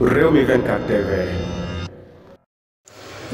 Rewmi 24 TV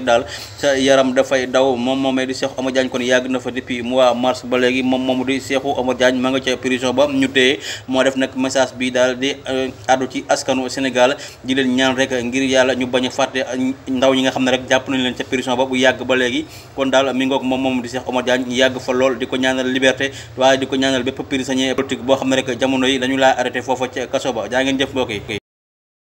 rek daal sa yaram dafay daw moom na fa depuis mois moom moomu di Cheikhou Omar Diagne ma nga ca prison ba ñu téye moo def nag message bi daal di euh, addu ci askanu Sénégal di leen ñaan rek ngir yàlla ñu bañ a fàtte euh, ndaw ñi nga xam ne rek jàpp nañ leen ca prison ba bu yàgg ba léegi kon daal mi ngoog moom moomu di Cheikh Omar yàgg fa lool di ko ñaanal liberté waaye di ko ñaanal bépp prisonnier boo xam ne rek jamono yi dañu laa arrêté foofa ca kaso ba jaa ngeen jëf mbokk